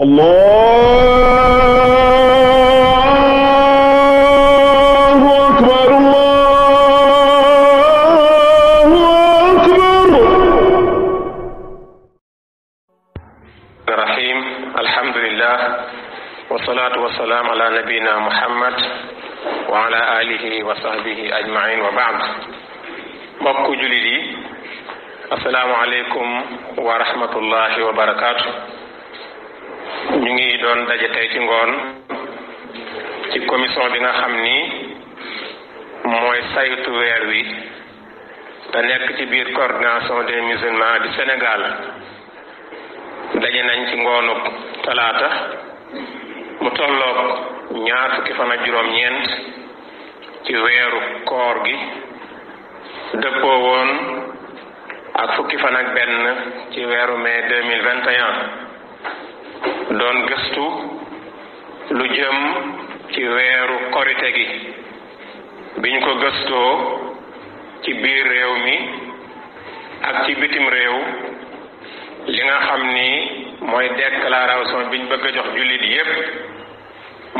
الله أكبر الله أكبر الرحيم الحمد لله والصلاة والسلام على نبينا محمد وعلى آله وصحبه أجمعين وبعد مكو جلدي السلام عليكم ورحمة الله وبركاته ñu ngi doon daje tey ci ngoon ci commission bi nga xam ni mooy saytu weer wi te nekk ci biir coordination de musulmans du Sénégal daje nañ ci ngoonu talaata mu tolloog ñaar fukki fan juróom-ñeent ci weeru koor gi dëppoo woon ak fukki fan benn ci weeru mai deux mille vingt un doon gëstu lu jëm ci weeru korite gi biñ ko gëstoo ci biir réew mi ak ci bitim réew li nga xam ni mooy déclaration biñ bëgg a jox jullit yépp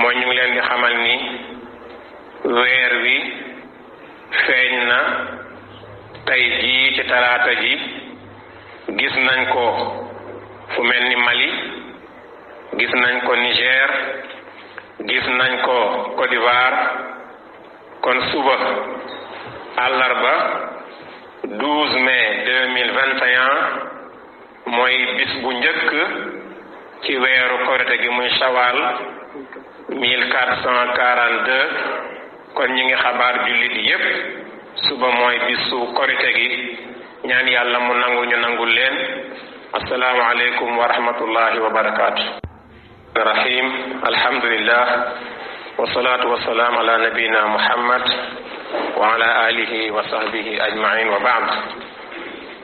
mooy ñu leen di xamal ni weer wi feeñ na tey jii ci talaata ji gis nañ ko fu mel ni gis nañ ko Niger gis nañ ko Côte kon suba àllarba 12 mai 2021 mooy bis bu njëkk ci weeru korite gi muy shawal 1442 kon ñi ngi xabaar jullit yépp suba mooy bisu korite gi ñaan yàlla mu nangu ñu nangul leen asalaamaaleykum wa rahmatullahi wa barakaatu. الرحيم الحمد لله والصلاة والسلام على نبينا محمد وعلى آله وصحبه أجمعين وبعد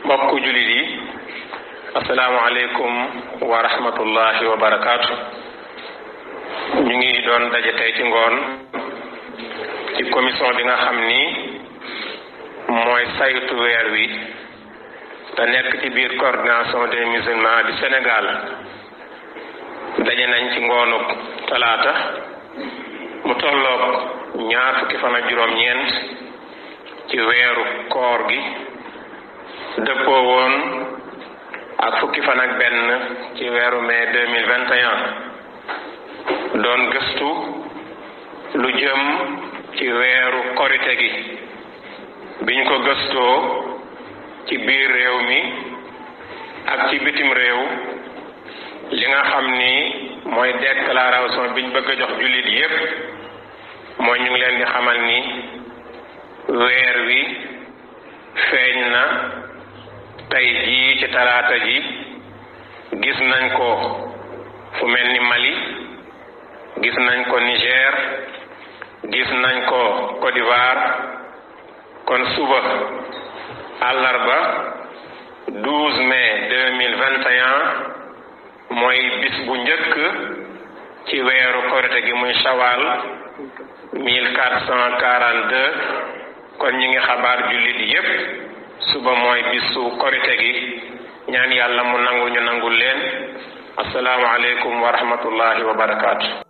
بقو جلدي السلام عليكم ورحمة الله وبركاته نيجي دون داجة تيتنغون في كوميسون دينا خمني موي سايتو ويروي تنكتي بير كورنانسون دي ميزنما سنغال daje nañ ci ngoonub talaata mu tolloog ñaar fukki fan ak juróom-ñeent ci weeru koor gi dëppoo woon ak fukki fan ak benn ci weeru mai deux doon gëstu lu jëm ci weeru korite gi biñ ko gëstoo ci biir réew mi ak ci bitim réew li nga xam ni mooy déclaration biñ bëgg a jox jullit yépp mooy ñu ngi leen di xamal ni weer wi feeñ na tey jii ci talaata ji gis nañ ko fu mel ni Mali gis nañ ko Niger gis nañ ko Côte d'Ivoire kon suba àllarba mooy bis bu njëkk ci weeru korite gi muy sawal mille quatre cent quarante kon ñi ngi xabaar jullit yépp suba mooy bisu korite gi ñaan yàlla mu nangu ñu nangu leen asalaamu aleykum wa rahmatullahi wa barakaatu